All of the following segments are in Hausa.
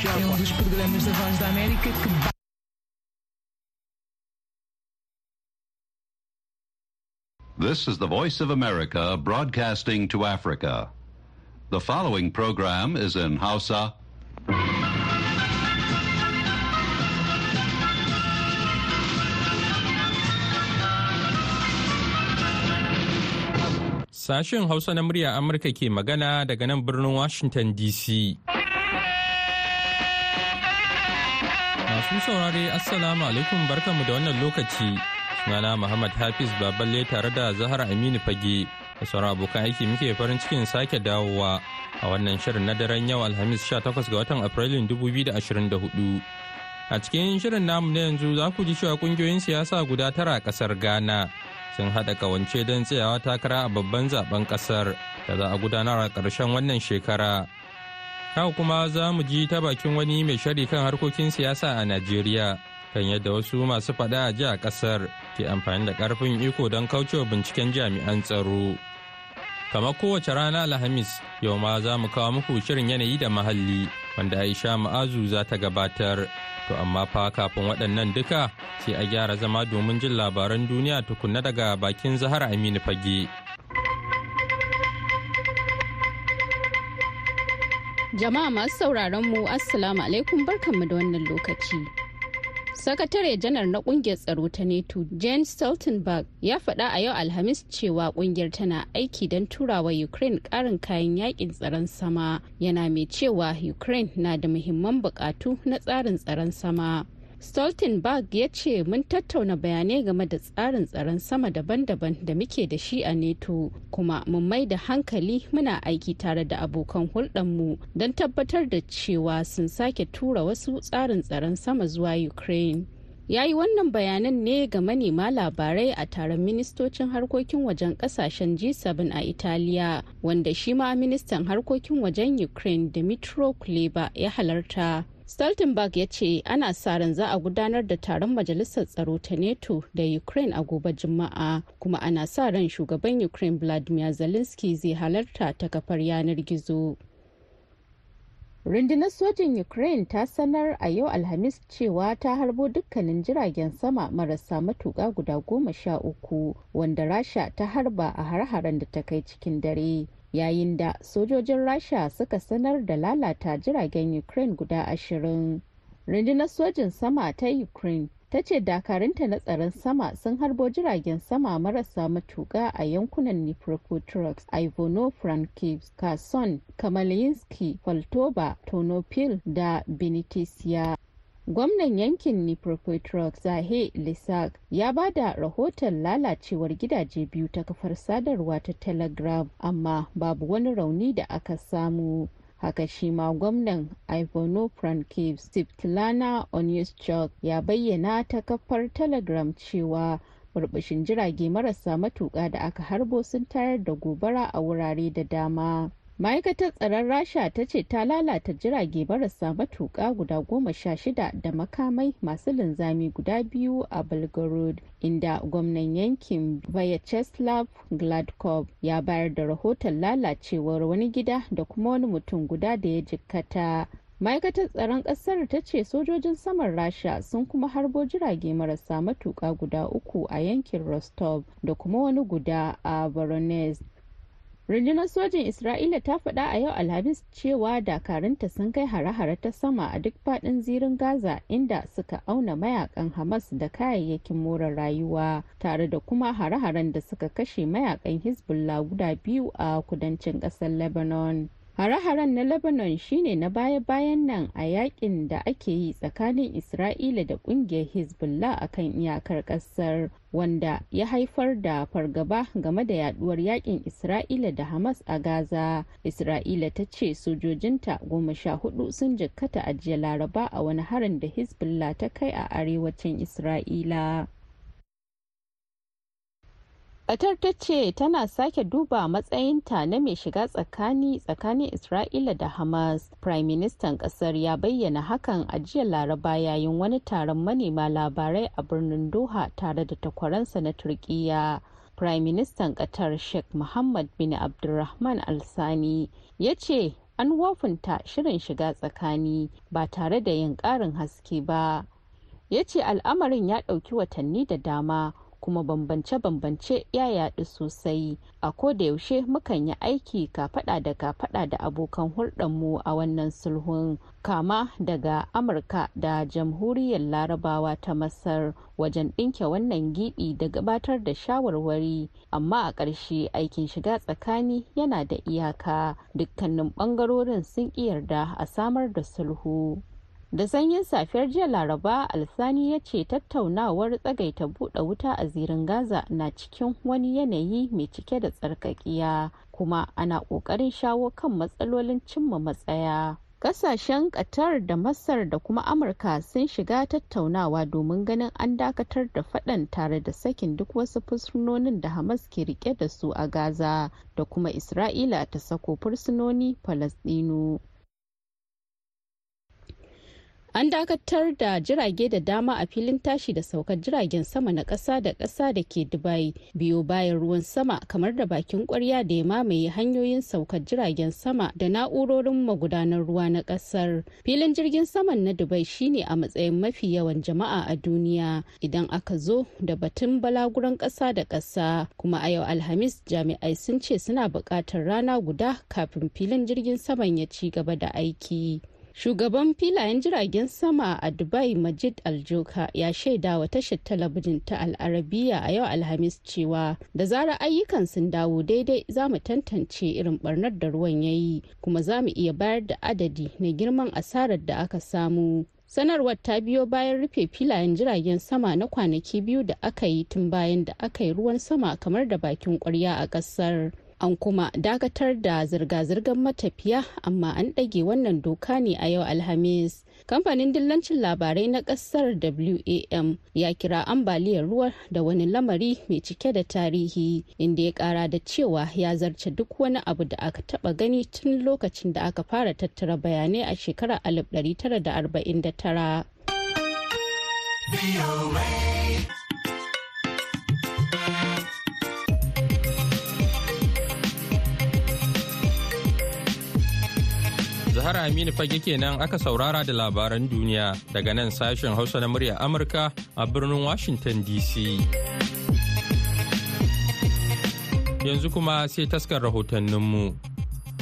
Java é um dos programas da Voz da América que This is the Voice of America broadcasting to Africa. The following program is in Hausa. Sashen Hausa na murya Amurka ke magana daga nan birnin Washington DC. Masu saurare Assalamu alaikum barkanmu da wannan lokaci. Sunana Muhammad Hafiz Baballe tare da Zahara Aminu Fage. Da sauran abokan aiki muke farin cikin sake dawowa a wannan shirin na daren yau Alhamis 18 ga watan Afrilun 2024. A cikin shirin namu na yanzu za ku ji cewa kungiyoyin siyasa guda tara a kasar Ghana sun haɗa kawance don tsayawa takara a babban zaben kasar da za a gudanar a ƙarshen wannan shekara. Haka kuma za mu ji ta bakin wani mai shari kan harkokin siyasa a Najeriya kan yadda wasu masu faɗa a jiya ƙasar ke amfani da ƙarfin iko don kaucewa binciken jami'an tsaro. Kamar kowace rana Alhamis, yau ma za mu kawo muku shirin yanayi da muhalli wanda Aisha Ma'azu za ta gabatar. To amma fa kafin waɗannan duka sai a gyara zama domin jin labaran duniya tukunna daga bakin Zahar Aminu Fage. Jama'a masu sauraron mu Assalamu alaikum barkanmu da wannan lokaci. Sakatare janar na kungiyar tsaro ta NATO Jane Stoltenberg ya faɗa a yau Alhamis cewa kungiyar tana aiki don turawa Ukraine ƙarin kayan yakin tsaron sama yana mai cewa Ukraine na da muhimman buƙatu na tsarin tsaron sama. stoltenberg ya ce mun tattauna bayanai game da tsarin tsaron sama daban-daban da muke da shi a neto kuma mun mai da hankali muna aiki tare da abokan hulɗarmu don tabbatar da cewa sun sake tura wasu tsarin tsaron sama zuwa ukraine ya yi wannan bayanan ne ga manema labarai a taron ministocin harkokin wajen kasashen g7 a italiya wanda shi ma ministan harkokin wajen ukraine dimitro kuleba ya halarta stoltenberg ya ce ana sa ran za a gudanar da taron majalisar tsaro ta nato da ukraine a gobe juma'a kuma ana sa ran shugaban ukraine vladimir zelensky zai halarta ta kafar yanar gizo rundunar sojin ukraine ta sanar a yau alhamis cewa ta harbo dukkanin jiragen sama marasa matuƙa guda goma sha uku wanda rasha ta harba a har-haren da ta kai cikin dare yayin da sojojin rasha suka sanar da lalata jiragen ukraine guda ashirin rundunar sojin sama ta ukraine ta ce dakarunta na tsaron sama sun harbo jiragen sama marasa matuka a yankunan niprokotrox ivono frankivs kason kamalinski faltoba tonopil da benitisiya gwamnan yankin nipropetrox zahe lisak ya ba da rahoton lalacewar gidaje biyu ta kafar sadarwa ta telegram amma babu wani rauni da aka samu haka shi ma gwamnan ivano frankiv stiftlana onyuschuk ya bayyana ta kafar telegram cewa burbushin jirage marasa matuka da aka harbo sun tayar da gobara a wurare da dama ma'aikatar tsaron rasha ta ce ta lalata jirage marasa matuka guda goma sha shida da makamai masu linzami guda biyu a belgorod inda gwamnan yankin vyacheslav gladkov ya bayar da rahoton lalacewar wani gida da kuma wani mutum guda da ya jikkata ma'aikatar tsaron kasar ta ce sojojin saman rasha sun kuma harbo jirage marasa matuka guda uku a yankin rostov da kuma wani guda a voronezh rundunar sojin isra'ila ta faɗa a yau alhamis cewa dakarunta sun kai hare-hare ta sama a duk faɗin zirin gaza inda suka auna mayakan hamas da kayayyakin more rayuwa tare da kuma hare-haren da suka kashe mayakan hezbollah guda biyu a kudancin ƙasar lebanon Hare-haren na Lebanon shine na baya-bayan nan a yakin da ake yi tsakanin Isra'ila da kungiyar Hezbollah a kan iyakar kasar wanda ya haifar da fargaba game da yaduwar yakin Isra'ila da Hamas a Gaza. Isra'ila ta ce sojojinta goma sha hudu sun jikkata ajiye Laraba a wani harin da Hezbollah ta kai a arewacin Isra'ila. Qatar ta ce tana sake duba matsayinta na mai shiga tsakani tsakanin Isra'ila da Hamas. Prime Minister kasar ya bayyana hakan a jiya Laraba yayin wani taron manema labarai a birnin Doha tare da takwaransa na Turkiyya. Prime Minister Qatar Sheikh Mohammed bin Abdulrahman Al-Sani ya ce an wofinta shirin shiga tsakani ba tare da yin ƙarin haske ba. Ya ce al'amarin ya ɗauki watanni da dama. kuma bambance-bambance ya yaɗu sosai a yaushe mukan yi aiki kafada da kafada da abokan hulɗarmu a wannan sulhun kama daga amurka da jamhuriyar larabawa ta masar wajen ɗinke wannan giɓi da gabatar da shawarwari amma a ƙarshe aikin shiga tsakani yana da iyaka dukkanin ɓangarorin sun yarda a samar da sulhu da sanyin safiyar jiya laraba alsani ya ce tattaunawar tsagaita buɗe wuta a zirin gaza na cikin wani yanayi mai cike da tsarkakiya kuma ana ƙoƙarin shawo kan matsalolin cimma matsaya kasashen qatar da masar da kuma amurka sun shiga tattaunawa domin ganin an dakatar da faɗan tare da sakin duk wasu fursunonin da hamas ke rike da su a gaza da kuma isra'ila ta sako fursunoni falasɗinu an dakatar da jirage da dama a filin tashi da saukar jiragen sama na ƙasa da ƙasa da ke dubai biyo bayan ruwan sama kamar da bakin kwarya da ya mamaye hanyoyin saukar jiragen sama da na'urorin magudanar ruwa na ƙasar filin jirgin saman na dubai shine a matsayin mafi yawan jama'a a duniya idan aka zo da batun balaguran ƙasa da ƙasa kuma a yau alhamis jami'ai sun ce suna bukatar rana guda kafin filin jirgin saman ya ci gaba da aiki shugaban filayen jiragen sama a dubai majid aljoka ya shaida wa tashar talabijin ta al'arabiya a yau alhamis cewa da zarar ayyukan sun dawo daidai za mu tantance irin barnar da ruwan ya yi kuma za mu iya bayar da adadi na girman asarar da aka samu sanarwar ta biyo bayan rufe filayen jiragen sama na kwanaki biyu da aka yi tun bayan da aka yi ruwan sama kamar da bakin kwarya a kasar an kuma dakatar da zirga-zirgar matafiya amma an ɗage wannan doka ne a yau alhamis kamfanin dillancin labarai na ƙasar wam ya kira ambaliyar ruwa da wani lamari mai cike da tarihi inda ya ƙara da cewa ya zarce duk wani abu da aka taɓa gani tun lokacin da aka fara tattara bayanai a shekarar 1949 har Aminu fage kenan aka saurara da labaran duniya daga nan sashen Hausa na murya Amurka a birnin Washington DC. Yanzu kuma sai taskar rahotanninmu.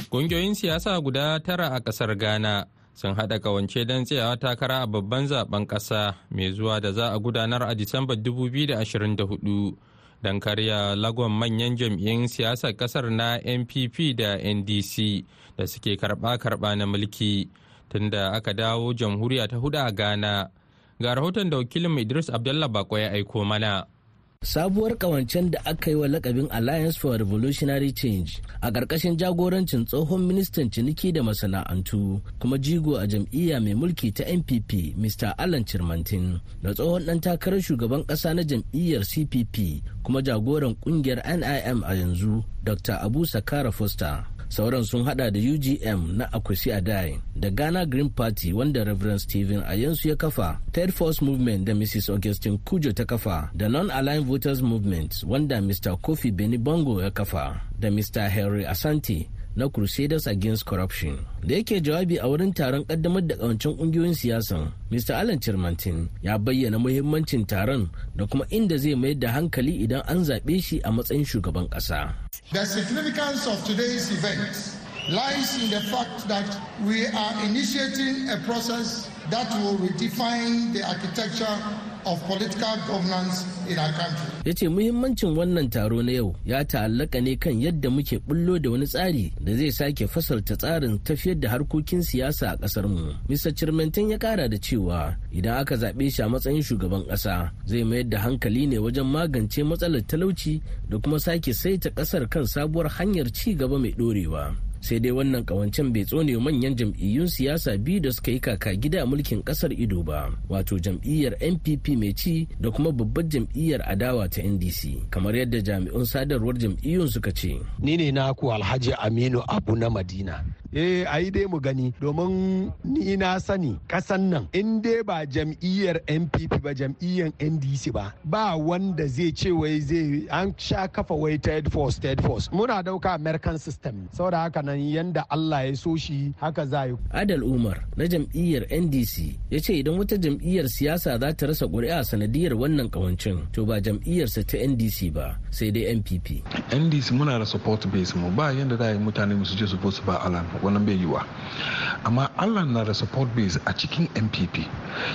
Ƙungiyoyin siyasa guda tara a ƙasar Ghana sun haɗa kawance don tsayawa takara a babban zaben ƙasa mai zuwa da za a gudanar a Disambar 2024 don karya lagon manyan jam'iyyun siyasar kasar na npp da ndc da suke karba-karba na mulki tunda aka dawo jamhuriya ta hudu a ghana ga rahoton da wakilin idris abdullah bako ya aiko mana sabuwar kawancen da aka yi wa lakabin alliance for revolutionary change a ƙarƙashin jagorancin tsohon ministan ciniki da masana'antu kuma jigo a jam'iyya mai mulki ta npp mr alan Chirmantin, da tsohon ɗan takarar shugaban ƙasa na jam'iyyar cpp kuma jagoran ƙungiyar nim a yanzu dr abu sakara foster sauran sun hada da ugm na akwasi adai da ghana green party wanda reverend stephen ayensu ya kafa third force movement da mrs augustine kujo ta kafa da non-aligned voters movement wanda mr kofi beni bongo ya kafa da mr henry asante na Crusaders Against Corruption. Da yake jawabi a wurin taron kaddamar da kawancin kungiyoyin siyasa Mr. Alan Chermantin ya bayyana muhimmancin taron da kuma inda zai mayar da hankali idan an zaɓe shi a matsayin shugaban ƙasa. The significance of today's event lies in the fact that we are initiating a process that will redefine the architecture of political governance in our country. Ya ce muhimmancin wannan taro na yau ya ta'allaka ne kan yadda muke bullo da wani tsari da zai sake fasalta tsarin tafiyar da harkokin siyasa a kasar mu. Mr. Chirmentin ya kara da cewa idan aka zaɓe shi a matsayin shugaban ƙasa zai mayar da hankali ne wajen magance matsalar talauci da kuma sake saita ƙasar kan sabuwar hanyar ci gaba mai ɗorewa. sai dai wannan kawancen bai tsone manyan jam'iyyun siyasa biyu da suka yi kaka gida mulkin kasar ido ba wato jam'iyyar npp mai ci da kuma babbar jam'iyyar adawa ta ndc kamar yadda jami'un sadarwar jam'iyyun suka ce ni ne na ku alhaji aminu abu na madina eh a yi dai mu gani domin ni na sani kasan nan in dai ba jam'iyyar npp ba jam'iyyar ndc ba ba wanda zai ce wai zai an sha kafa wai third force third force muna dauka american system saboda haka nan yanda allah ya so shi haka za yi adal umar na jam'iyyar ndc ya ce idan wata jam'iyyar siyasa za ta rasa ƙuri'a sanadiyar wannan kawancin to ba jam'iyyarsa ta ndc ba sai dai npp ndc muna da support base mu ba yanda za a yi mutane su je su ba alam wannan bai yiwa amma allah na da support base a cikin npp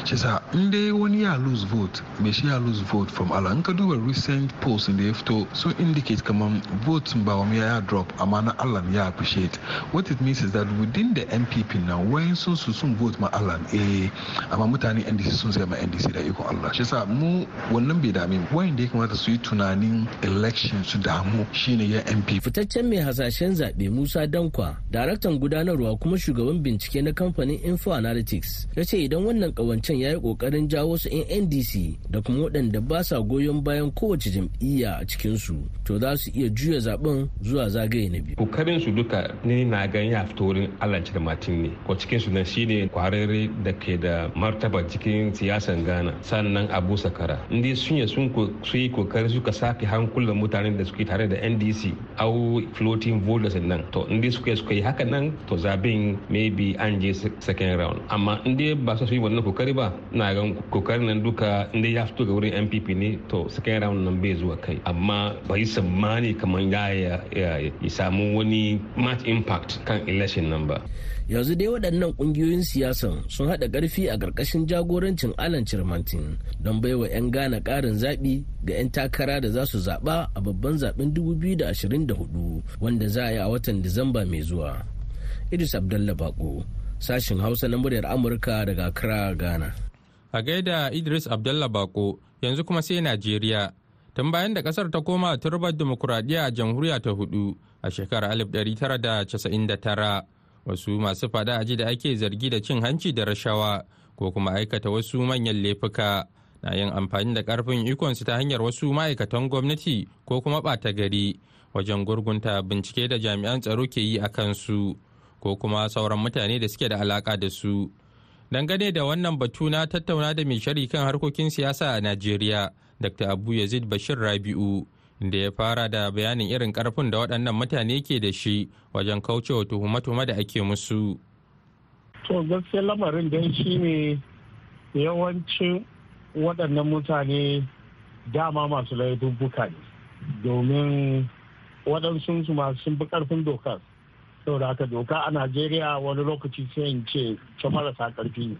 shi sa in dai wani ya lose vote mai shi ya lose vote from allah in ka duba recent polls da ya fito sun indicate kamar vote ba wani ya drop amma na allah ya appreciate what it means is that within the npp na wayan sun su sun vote ma allah eh amma mutane ndc sun sai ma ndc da ikon allah shi sa mu wannan bai dami mu wayan da ya kamata su yi tunanin election su damu shine ya npp fitaccen mai hasashen zaɓe musa dankwa daraktan gudanarwa kuma shugaban bincike na kamfanin info analytics ya ce idan wannan kawancen ya yi kokarin jawo su yan ndc da kuma waɗanda ba sa goyon bayan kowace jam'iyya a cikinsu to za su iya juya zaben zuwa zagaye na biyu kokarin su duka ne na gan ya fito wurin allah cire martin ne ko cikin su nan shine kwararre da ke da martaba cikin siyasan ghana sannan abu sakara inda sun yi sun yi kokari suka sake hankulan mutanen da suke tare da ndc au floating voters nan to inda suka yi hakan nan nan to zaben maybe an je second round amma inda dai ba su yi wannan kokari ba na ga kokarin nan duka inda ya fito ga wurin MPP ne to second round nan bai zuwa kai amma bai tsammani kamar ya yi samu wani match impact kan election nan ba yanzu dai waɗannan ƙungiyoyin siyasan sun haɗa ƙarfi a ƙarƙashin jagorancin alan cirmantin don baiwa 'yan gana ƙarin zaɓi ga 'yan takara da za su zaɓa a babban zaɓen 2024 wanda za a yi a watan disamba mai zuwa Idris Abdullah Bako, sashin Hausa na muryar Amurka daga Accra, Ghana. A gaida Idris Abdullah Bako, yanzu kuma sai Najeriya. Tun bayan da kasar ta koma turbar dimokuraɗiyya a jamhuriya ta hudu a shekarar 1999, wasu masu fada aji da ake zargi da cin hanci da rashawa ko kuma aikata wasu manyan laifuka na yin amfani da karfin ikonsu ta hanyar wasu ma'aikatan gwamnati ko kuma ɓata gari wajen gurgunta bincike da jami'an tsaro ke yi a kansu. ko kuma sauran mutane da suke da alaka da su dangane da wannan batu na tattauna da mai shari kan harkokin siyasa a najeriya dr abu yazid bashir rabi'u da ya fara da bayanin irin karfin da waɗannan mutane ke da shi wajen kaucewa tuhume-tuhume da ake musu to gaskiya lamarin don shi ne yawancin waɗannan mutane dama masu laifin ne domin waɗansu masu sun bi ƙarfin dokar saboda haka doka a najeriya wani lokaci sai in ce ta marasa karfi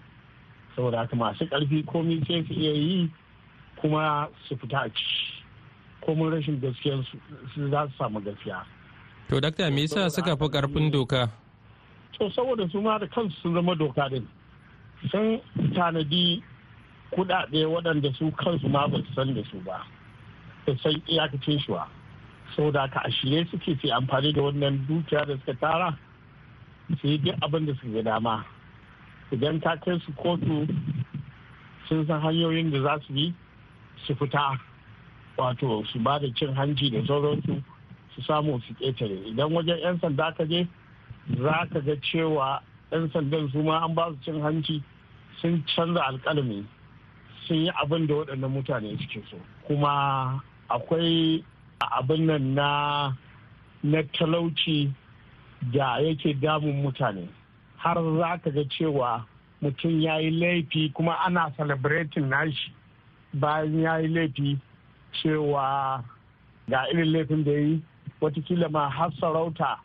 saboda haka masu karfi komi sai su iya yi kuma su fita a ci komin rashin gaskiya su za su samu gaskiya to dakta me yasa suka fi karfin doka to saboda su ma da kansu sun zama doka din sun tanadi kudade waɗanda su kansu ma ba su san da su ba su san iyakacin shi wa. saboda da ka suke su amfani da wannan dukiya da suka tara su yi duk abin da suka dama idan ta kai su kotu sun san hanyoyin da za su bi su fita wato su ba da cin hanci da sauransu su samu su ƙetare idan wajen 'yan sanda ka je za ka ga cewa 'yan sandan su ma an ba su cin hanci sun canza alƙalami sun yi abin da waɗannan mutane suke so kuma akwai A abin nan na na talauci da yake damun mutane har za ka ga cewa mutum ya yi laifi kuma ana celebrating nashi bayan ya yi laifi cewa ga irin laifin da ya yi watakila ma har sarauta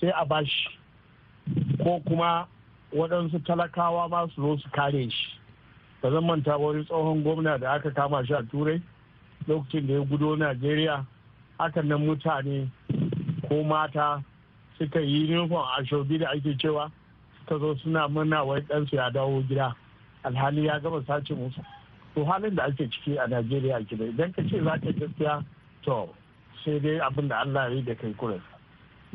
sai a bashi ko kuma waɗansu talakawa ma su zo su kare shi ba zan manta wani tsohon gwamna da aka kama shi a turai lokacin da ya gudo najeriya hakan nan mutane ko mata suka yi yunifon shobi da ake cewa suka zo suna manawai wai ɗansu ya dawo gida alhali ya gama sace musu to halin da ake ciki a najeriya gida idan ka ce za ka gaskiya to sai dai abin da allah ya yi da kai kurin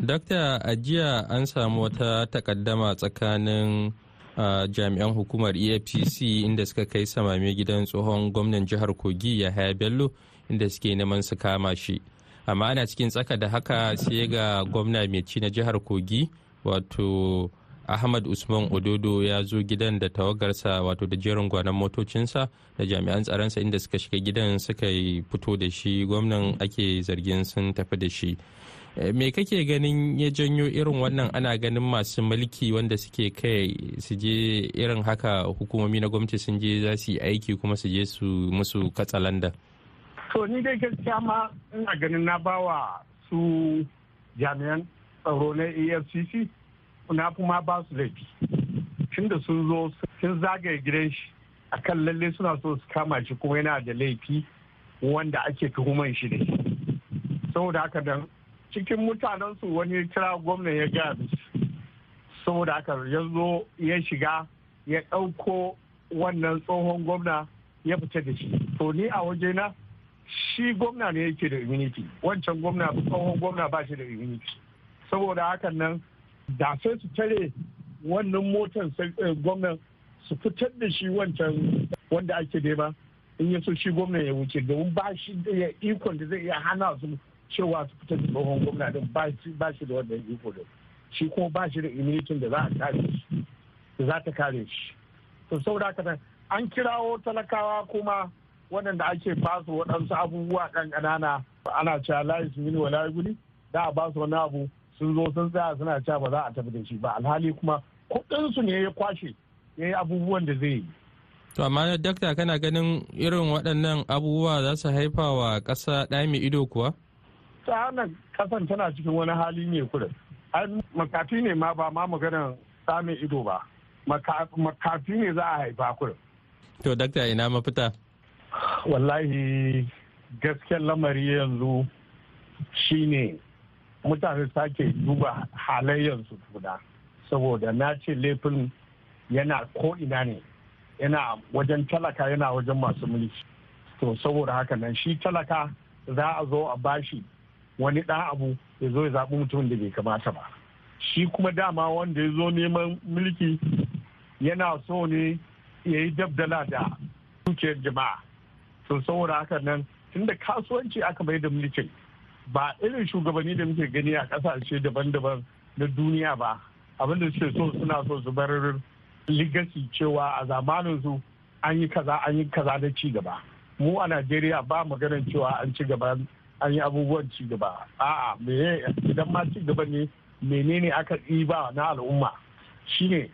Dakta a jiya an samu wata takaddama tsakanin uh, jami'an hukumar EFCC inda suka kai samame gidan tsohon gwamnan jihar Kogi Yahaya Bello inda suke neman su kama shi. amma ana cikin tsaka da haka sai ga gwamna mai ci na jihar kogi wato ahmad usman ododo ya zo gidan da tawagarsa wato da jerin gwanon motocinsa da jami'an tsaronsa inda suka shiga gidan suka fito da shi gwamnan ake zargin sun tafi da shi eh, me kake ganin ya janyo irin wannan ana ganin masu mulki wanda suke kai su je irin haka hukumomi na gwamnati sun je za su yi aiki kuma su je su musu katsalanda. to ni dai gaskiya ma ina ganin na bawa su jami'an tsaro na efcc na kuma ba su laifi da sun zo sun zagaye gidan shi akan lalle suna so su kama shi kuma yana da laifi wanda ake tuhuman shi ne saboda haka dan cikin mutanensu wani kira gwamna ya gaya saboda haka ya zo ya shiga ya ɗauko wannan tsohon gwamna ya fita da shi to ni a wajena shi gwamna ne yake da immunity wancan gwamna tsohon gwamna ba shi da immunity saboda hakan nan da sai su tare wannan motan eh, gwamnan su fitar da shi wancan wanda ake nema in ya so shi gwamna ya wuce domin ba shi da ikon da zai iya hana su cewa su fitar da tsohon gwamna din ba shi da wannan iko da shi kuma ba shi da immunity da za a kare shi da za ta kare shi to saboda haka an kirawo talakawa kuma waɗanda ake ba su waɗansu abubuwa kan ƙanana ana cewa layi su mini wala guli da a ba su wani abu sun zo sun tsaya suna cewa ba za a tafi da shi ba alhali kuma kuɗinsu ne ya kwashe ya yi abubuwan da zai yi. To amma dakta kana ganin irin waɗannan abubuwa za su haifa wa ƙasa ɗaya mai ido kuwa? Ta hannun ƙasan tana cikin wani hali ne kudin. an makafi ne ma ba ma maganar samun ido ba makafi ne za a haifa kurin. To dakta ina mafita? wallahi gasken lamari yanzu shine mutane sake duba halayyarsu tuna saboda na ce laifin yana ko'ina ne yana wajen talaka yana wajen masu mulki to saboda haka nan shi talaka za a zo a bashi wani ɗan abu ya zo ya zaɓi mutumin da bai kamata ba shi kuma dama wanda ya zo neman mulki yana so ne ya yi dabdala da dukiyar jama'a to saboda haka nan tunda kasuwanci aka bai da mulkin ba irin shugabanni da muke gani a kasashe daban-daban na duniya ba abinda su suke so suna so su bar ligasi cewa a zamanin su an yi kaza an yi kaza na ci gaba mu a najeriya ba maganar cewa an ci gaba an yi abubuwan ci gaba a'a me idan ma ci gaba ne menene aka ba na al'umma shine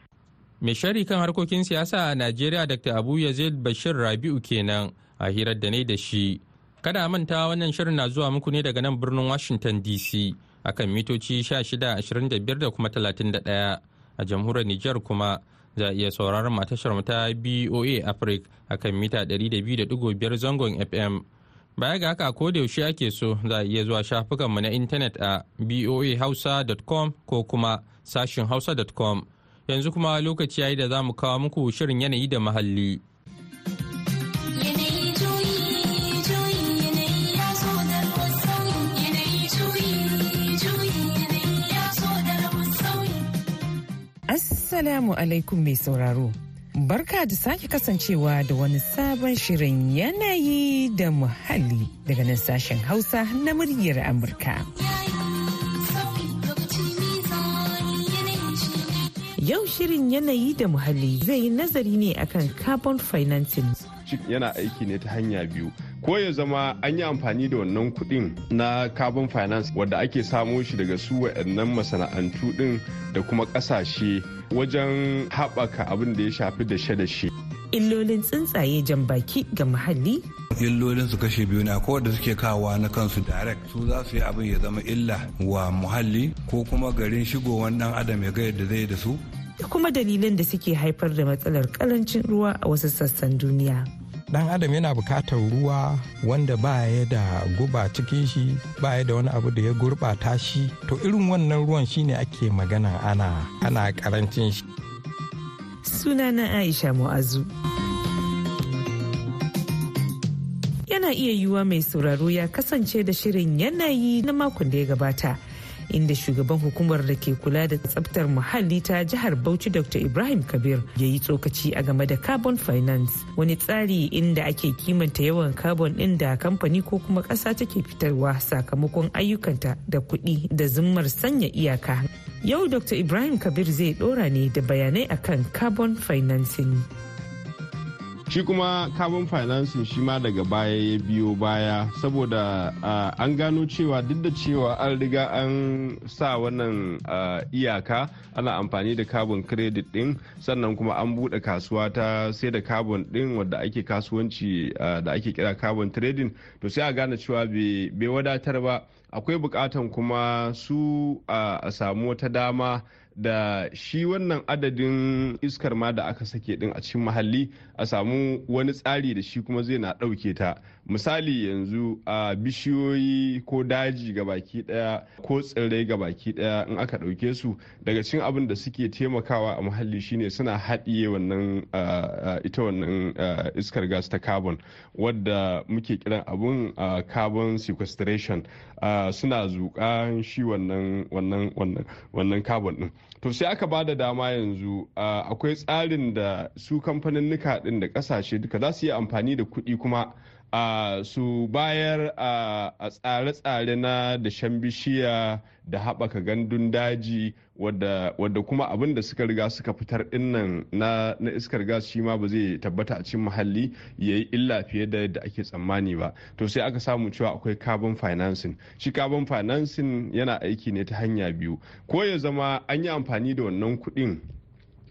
mai shari kan harkokin siyasa a najeriya dr abu yazid bashir rabi'u kenan a hirar da ne da shi kada manta wannan shirin na zuwa muku ne daga nan birnin washington dc akan mitoci 1625 da kuma 31 a jamhuriyar nijar kuma za a iya sauraron matashar ta boa africa akan mita 200.5 zangon fm baya ga haka ko da yaushe ake so za iya zuwa shafukanmu na intanet a boahausa.com ko kuma sashin hausa.com yanzu kuma lokaci yayi da za mu kawo muku shirin yanayi da muhalli. Assalamu alaikum mai sauraro. Barka da sake kasancewa da wani sabon shirin yanayi da muhalli daga nan sashen Hausa na muryar Amurka. Yau shirin yanayi da muhalli zai yi nazari ne akan carbon financing. Chip yana aiki ne ta hanya biyu. ko ya zama an yi amfani da wannan kuɗin na carbon finance wadda ake samo shi daga su waɗannan masana'antu ɗin da kuma ƙasashe wajen haɓaka abin da ya shafi da da shi. illolin tsuntsaye jan baki ga muhalli? illolin su kashe biyu na akwai da suke kawa na kansu direct su za su yi abin ya zama illa wa muhalli ko kuma garin shigowan ɗan adam ya ga yadda zai da su da kuma dalilin da suke haifar da matsalar ƙarancin ruwa a wasu sassan duniya ɗan adam yana bukatar ruwa wanda ba ya da guba cikin shi ba ya da wani abu da ya gurbata shi to irin wannan ruwan shine ake magana ana ana karancin shi sunana aisha mu'azu yana iya yiwuwa mai sauraro ya kasance da shirin yanayi na makon da ya gabata inda shugaban hukumar da ke kula da tsabtar muhalli ta jihar Bauchi Dr. Ibrahim Kabir ya yi tsokaci a game da carbon finance wani tsari inda ake kimanta yawan carbon ɗin da kamfani ko kuma ƙasa take fitarwa sakamakon ayyukanta da kuɗi da zimmar sanya iyaka. Yau Dr. Ibrahim Kabir zai ɗora ne da bayanai akan carbon financing. shi kuma carbon financing shi ma daga baya ya biyo baya saboda an gano cewa duk da cewa an riga an sa wannan iyaka ana amfani da carbon credit din sannan kuma an bude kasuwa ta sai da carbon din wadda ake kasuwanci da ake kira carbon trading to sai a gane cewa bai wadatar ba akwai bukatan kuma su a samu wata dama da shi wannan adadin iskar ma da aka sake din a cikin muhalli a samu wani tsari da shi kuma zai na ɗauke ta misali yanzu a bishiyoyi ko daji ga baki ɗaya ko tsirrai ga baki ɗaya in aka ɗauke su daga cikin abin da suke taimakawa a muhalli shine suna haɗiye wannan ita wannan iskar gas ta carbon wadda muke kiran abun carbon sequestration suna zuƙan shi wannan carbon ɗin to sai aka ba da dama yanzu akwai tsarin da su kamfanin nika ɗin da kasashe duka za su yi amfani da kuɗi kuma a su bayar a tsare-tsare na da bishiya da haɓaka gandun daji wadda kuma abin da suka riga suka fitar dinnan na iskar gas shi ma ba zai tabbata a cikin muhalli ya yi illa fiye da yadda ake tsammani ba to sai aka samu cewa akwai carbon financing shi carbon financing yana aiki ne ta hanya biyu ko ya zama an yi amfani da wannan kuɗin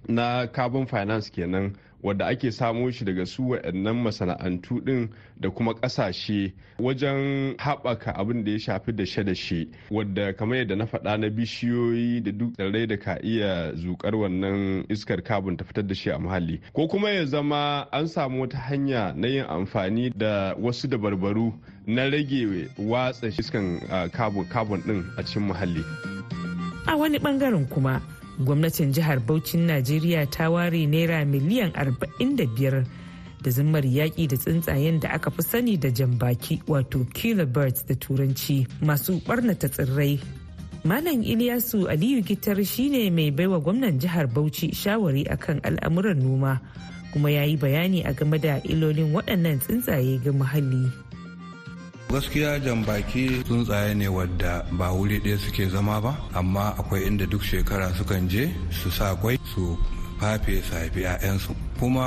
na carbon finance kenan wadda ake samo shi daga su waɗannan masana'antu ɗin da kuma ƙasashe wajen haɓaka abin da ya shafi da dashe-dashe wadda kamar yadda na faɗa na bishiyoyi da duk tsirrai da ka iya zuƙar wannan iskar kabun ta fitar da shi a muhalli ko kuma ya zama an samu wata hanya na yin amfani da wasu dabarbaru na rage watsa iskan kabon ah, ɗin a cikin muhalli. A wani ɓangaren kuma gwamnatin jihar Bauchin Najeriya ta ware naira miliyan 45 da zimmar yaƙi da tsuntsayen da aka fi sani da jambaki wato killer birds da turanci masu ɓarnata tsirrai. Malam Iliyasu Aliyu Gitar shine mai baiwa gwamnan jihar Bauchi shawari akan al'amuran noma kuma ya yi bayani a game da ilolin waɗannan tsuntsaye ga muhalli. gaskiya jambaki tsuntsaye ne wadda ba wuri ɗaya suke zama ba amma akwai inda duk shekara sukan je su sa kwai su fafe su haifi 'ya'yansu kuma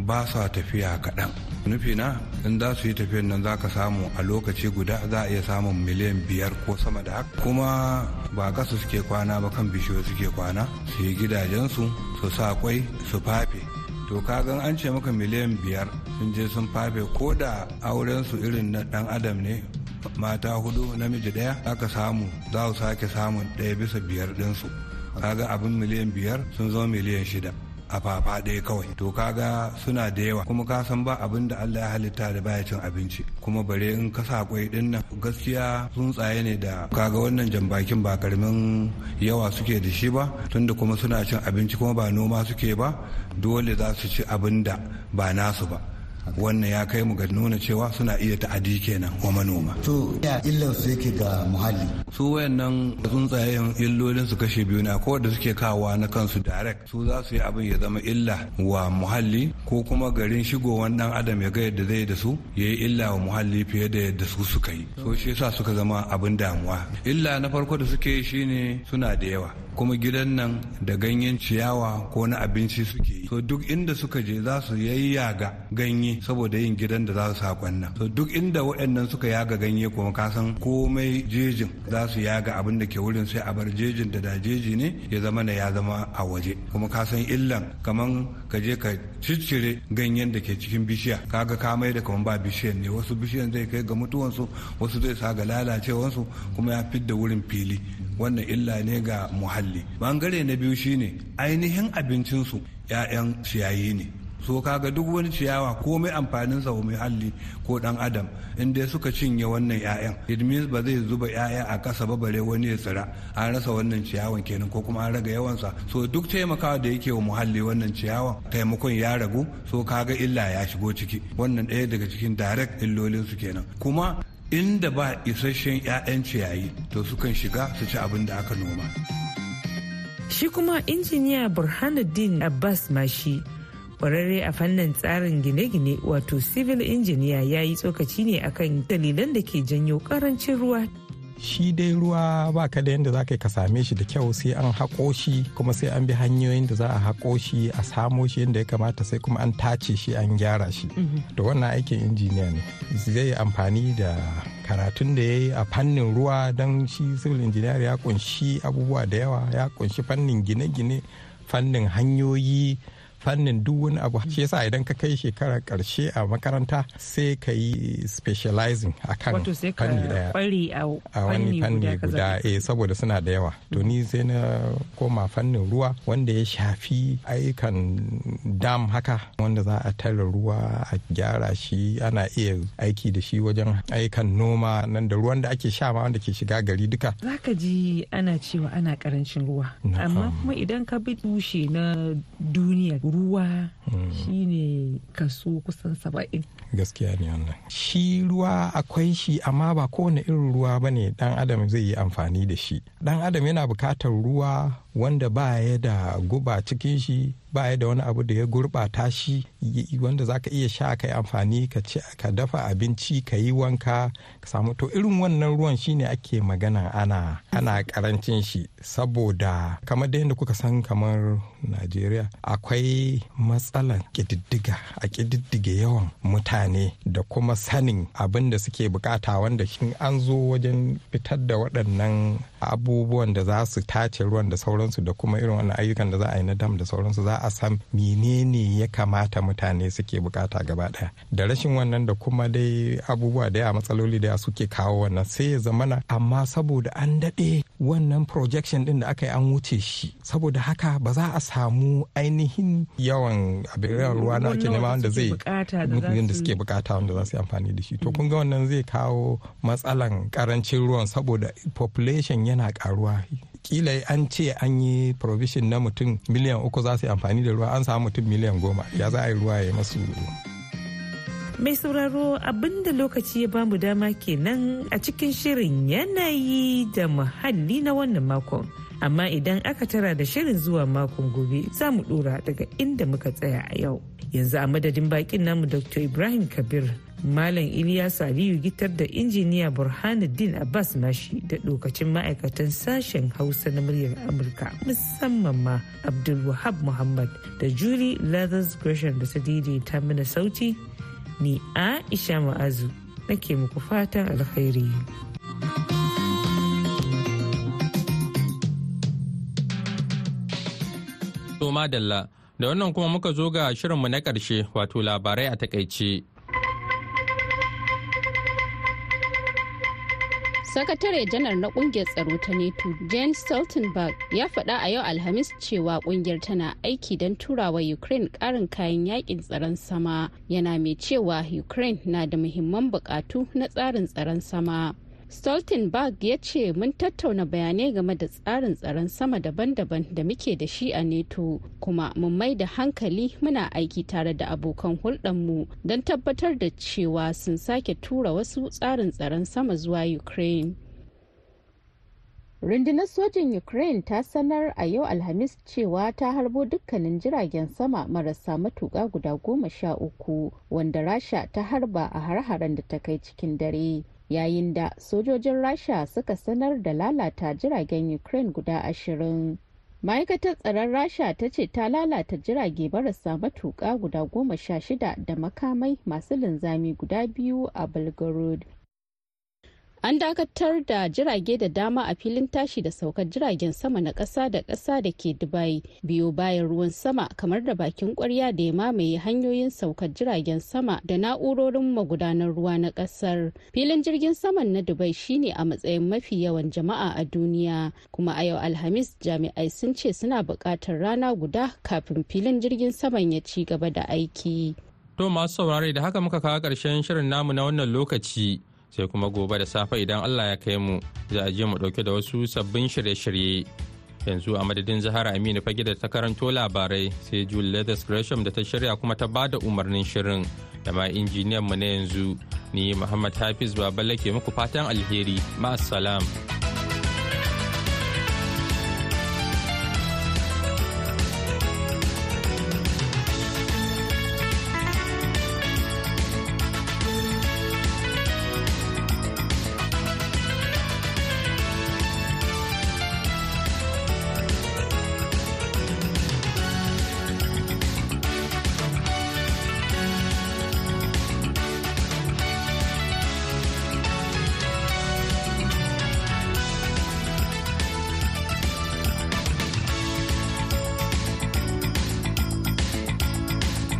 ba sa tafiya kaɗan nufi na in za su yi tafiyan nan za ka samu a lokaci guda za a iya samun miliyan biyar ko sama da haka kuma ba ƙasa suke kwana ba kan bishiyoyi suke kwana su yi gidajensu su sa kwai su fafe to kagan an ce maka miliyan biyar sun je sun fafe ko da aurensu irin na dan adam ne mata hudu namiji daya aka samu za su sake samun daya bisa biyar dinsu kaga abin miliyan biyar sun zo miliyan shida a fafa ɗaya kawai to kaga suna da yawa kuma ka san ba abin da Allah ya halitta da baya cin abinci kuma bare in ka sa kwai din nan gaskiya tsuntsaye ne da kaga wannan jambakin ba karamin yawa suke da shi ba tunda kuma suna cin abinci kuma ba noma suke ba dole za su ci abin da ba nasu ba wannan ya kai mu ga nuna cewa suna iya ta'adi kenan wa manoma to ya illar su yake ga muhalli su wayannan tsuntsayen illolin su kashe biyu na ko da suke kawa na kansu direct su za su yi abin ya zama illa wa muhalli ko kuma garin shigowan dan adam ya ga yadda zai da su ya yi illa wa muhalli fiye da yadda su suka yi so shi yasa suka zama abin damuwa illa na farko da suke yi shine suna da yawa kuma gidan nan da ganyen ciyawa ko na abinci suke yi so duk inda suka je za su yayyaga ganye saboda yin gidan da za su sakon nan so duk inda waɗannan suka yaga ganye kuma ka san komai jejin za su yaga abin da ke wurin sai a bar jejin da da jeji ne ya zama na ya zama a waje kuma ka san illan kaman ka je ka ciccire ganyen da ke cikin bishiya kaga ka mai da kaman ba bishiyan ne wasu bishiyan zai kai ga mutuwansu wasu zai sa ga lalacewansu kuma ya fidda wurin fili wannan illa ne ga muhalli bangare na biyu shine ainihin abincinsu 'ya'yan ciyayi ne so kaga duk wani ciyawa komai amfanin sa muhalli ko dan adam in dai suka cinye wannan 'ya'yan it ba zai zuba 'ya'ya a kasa ba bare wani ya tsira an rasa wannan ciyawan kenan ko kuma an raga yawansa so duk taimakawa da yake wa muhalli wannan ciyawan taimakon ya ragu so kaga illa ya shigo ciki wannan ɗaya daga cikin direct illolin su kenan kuma inda ba isasshen 'ya'yan ciyayi to sukan shiga su ci abin da aka noma shi kuma injiniya burhanuddin abbas mashi kwararre a fannin tsarin gine-gine wato civil injiniya ya yi tsokaci ne akan dalilan da ke janyo karancin ruwa shi dai ruwa ba ka da yadda za ka ka same shi da kyau sai an haƙo shi kuma sai an bi hanyoyin da za a haƙo shi a samo shi yadda ya kamata sai kuma an tace shi an gyara shi da mhm. wannan aikin injiniya ne zai amfani da karatun da ya yi a fannin ruwa don shi civil engineer ya kunshi abubuwa da yawa ya kunshi fannin gine-gine fannin hanyoyi fannin duk wani abu shi yasa idan ka kai shekarar karshe a makaranta sai ka yi specializing a kan fanni daya a wani fanni guda eh saboda suna da yawa to ni sai na koma fannin ruwa wanda ya shafi ayyukan dam haka wanda za a tara ruwa a gyara shi ana iya aiki da shi wajen ayyukan noma nan da ruwan da ake sha ma wanda ke shiga gari duka zaka ji ana cewa ana karancin ruwa amma kuma idan ka bi tushe na duniya ruwa hmm. shi ne kaso kusan saba'in gaskiya ne wannan shi ruwa akwai shi amma ba kowane irin ruwa ba ne dan adam zai yi amfani da shi dan adam yana bukatar ruwa wanda ba ya da guba cikin shi ba ya da wani abu da ya gurbata shi wanda za ka iya sha ka yi amfani ka ci ka dafa abinci ka yi wanka ka samu to irin wannan ruwan shine ake magana ana ana karancin shi saboda kamar da yadda kuka san kamar najeriya akwai matsalan kididdiga a ƙididdige yawan mutane da kuma sanin abin da suke bukata wanda shi an zo wajen fitar da waɗannan abubuwan da za su tace ruwan da sauransu da kuma irin wannan ayyukan da za a yi na dam da sauransu za a san menene ya kamata mutane suke bukata gaba daya da rashin wannan da kuma dai abubuwa da ya matsaloli da ya suke kawo wannan sai ya zamana amma saboda an daɗe wannan projection din da aka yi an wuce shi saboda haka ba za a samu ainihin yawan abin ruwa na ake nema wanda zai da suke bukata wanda za su yi amfani da shi to kun ga wannan zai kawo matsalan karancin ruwan saboda population yana karuwa kila an ce an yi provision na mutum miliyan uku za su yi amfani da ruwa an samu mutum miliyan goma ya za a yi ruwa ya masu mai sauraro abinda lokaci ya bamu dama kenan a cikin shirin yanayi da muhalli na wannan makon amma idan aka tara da shirin zuwa makon gobe za mu dora daga inda muka tsaya a yau yanzu a madadin bakin namu dr ibrahim kabir Malam Ilyas Aliyu gitar da injiniya Burhanuddin Abbas Mashi da dokacin ma'aikatan sashen Hausa na muryar Amurka musamman ma Abdulwahab Muhammad da Julie Leathers Gresham da ta mana sauti ni Aisha Ma'azu nake muku fatan alkhairi. Toma Dalla, da wannan kuma muka zo ga shirinmu na ƙarshe wato labarai a takaice. sakatare janar na kungiyar tsaro ta neto jane stoltenberg ya faɗa a yau alhamis cewa kungiyar tana aiki don turawa ukraine ƙarin kayan yakin tsaron sama yana mai cewa ukraine na da muhimman buƙatu na tsarin tsaron sama stoltenberg ya ce mun tattauna bayanai game da tsarin tsaron sama daban-daban da muke da shi a neto kuma mun mai da hankali muna aiki tare da abokan hulɗarmu don tabbatar da cewa sun sake tura wasu tsarin tsaron sama zuwa ukraine rundunar sojin ukraine ta sanar a yau alhamis cewa ta harbo dukkanin jiragen sama marasa matuƙa guda goma sha uku wanda rasha ta harba a har-haren da ta kai cikin dare yayin da sojojin rasha suka sanar da lalata jiragen ukraine guda ashirin ma'aikatar tsaron rasha ta ce ta lalata jirage marasa matuka guda goma sha shida da makamai masu linzami guda biyu a belgorod an dakatar da jirage da dama a filin tashi da saukar jiragen sama na ƙasa da ƙasa da ke dubai biyo bayan ruwan sama kamar da bakin kwarya da ya mamaye hanyoyin saukar jiragen sama da na'urorin magudanar ruwa na ƙasar filin jirgin saman na dubai shine a matsayin mafi yawan jama'a a duniya kuma a yau alhamis jami'ai sun ce suna buƙatar rana guda kafin filin jirgin saman ya ci gaba da aiki to masu saurare da haka muka kawo ƙarshen shirin namu na wannan lokaci sai kuma gobe da safe idan Allah ya kai mu za a je mu dauke da wasu sabbin shirye-shirye yanzu a madadin zahara aminu fage da ta karanto labarai sai jule leathers gresham da ta shirya kuma ta ba da umarnin shirin da ma injiniyan mu na yanzu ni muhammad hafiz baballe ke muku fatan alheri ma'assalam. salam